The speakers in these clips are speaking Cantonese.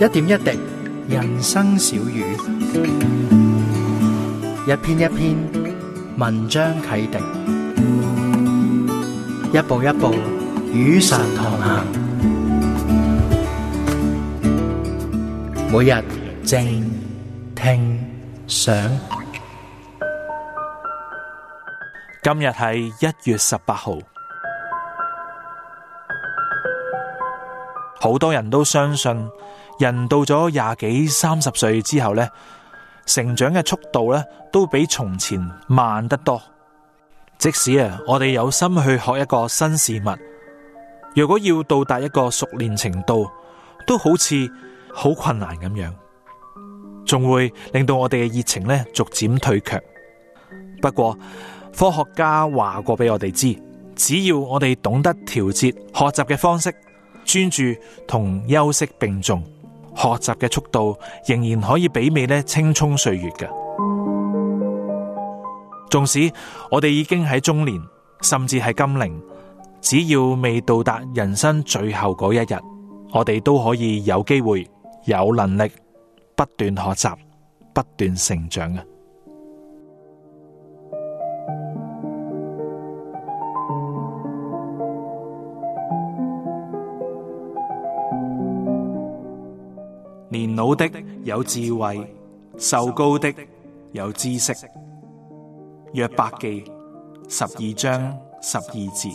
一點一滴，人生小語；一篇一篇，文章啟迪；一步一步，與神同行。每日靜聽想，今日係一月十八號。好多人都相信。人到咗廿幾、三十歲之後呢，成長嘅速度呢都比從前慢得多。即使啊，我哋有心去學一個新事物，如果要到達一個熟練程度，都好似好困難咁樣，仲會令到我哋嘅熱情呢逐漸退卻。不過科學家話過俾我哋知，只要我哋懂得調節學習嘅方式，專注同休息並重。學習嘅速度仍然可以媲美咧青蔥歲月嘅，縱使我哋已經喺中年，甚至係金齡，只要未到達人生最後嗰一日，我哋都可以有機會、有能力不斷學習、不斷成長嘅。老的有智慧，壽高的有知識。約伯記，十二章，十二節。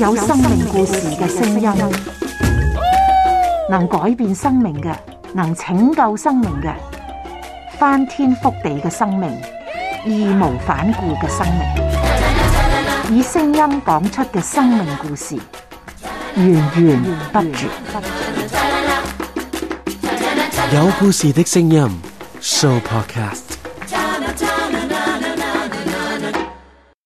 有生命故事嘅聲音，能改變生命嘅，能拯救生命嘅，翻天覆地嘅生命，義無反顧嘅生命，以聲音講出嘅生命故事，源源不絕。有故事的聲音，Sooo Podcast。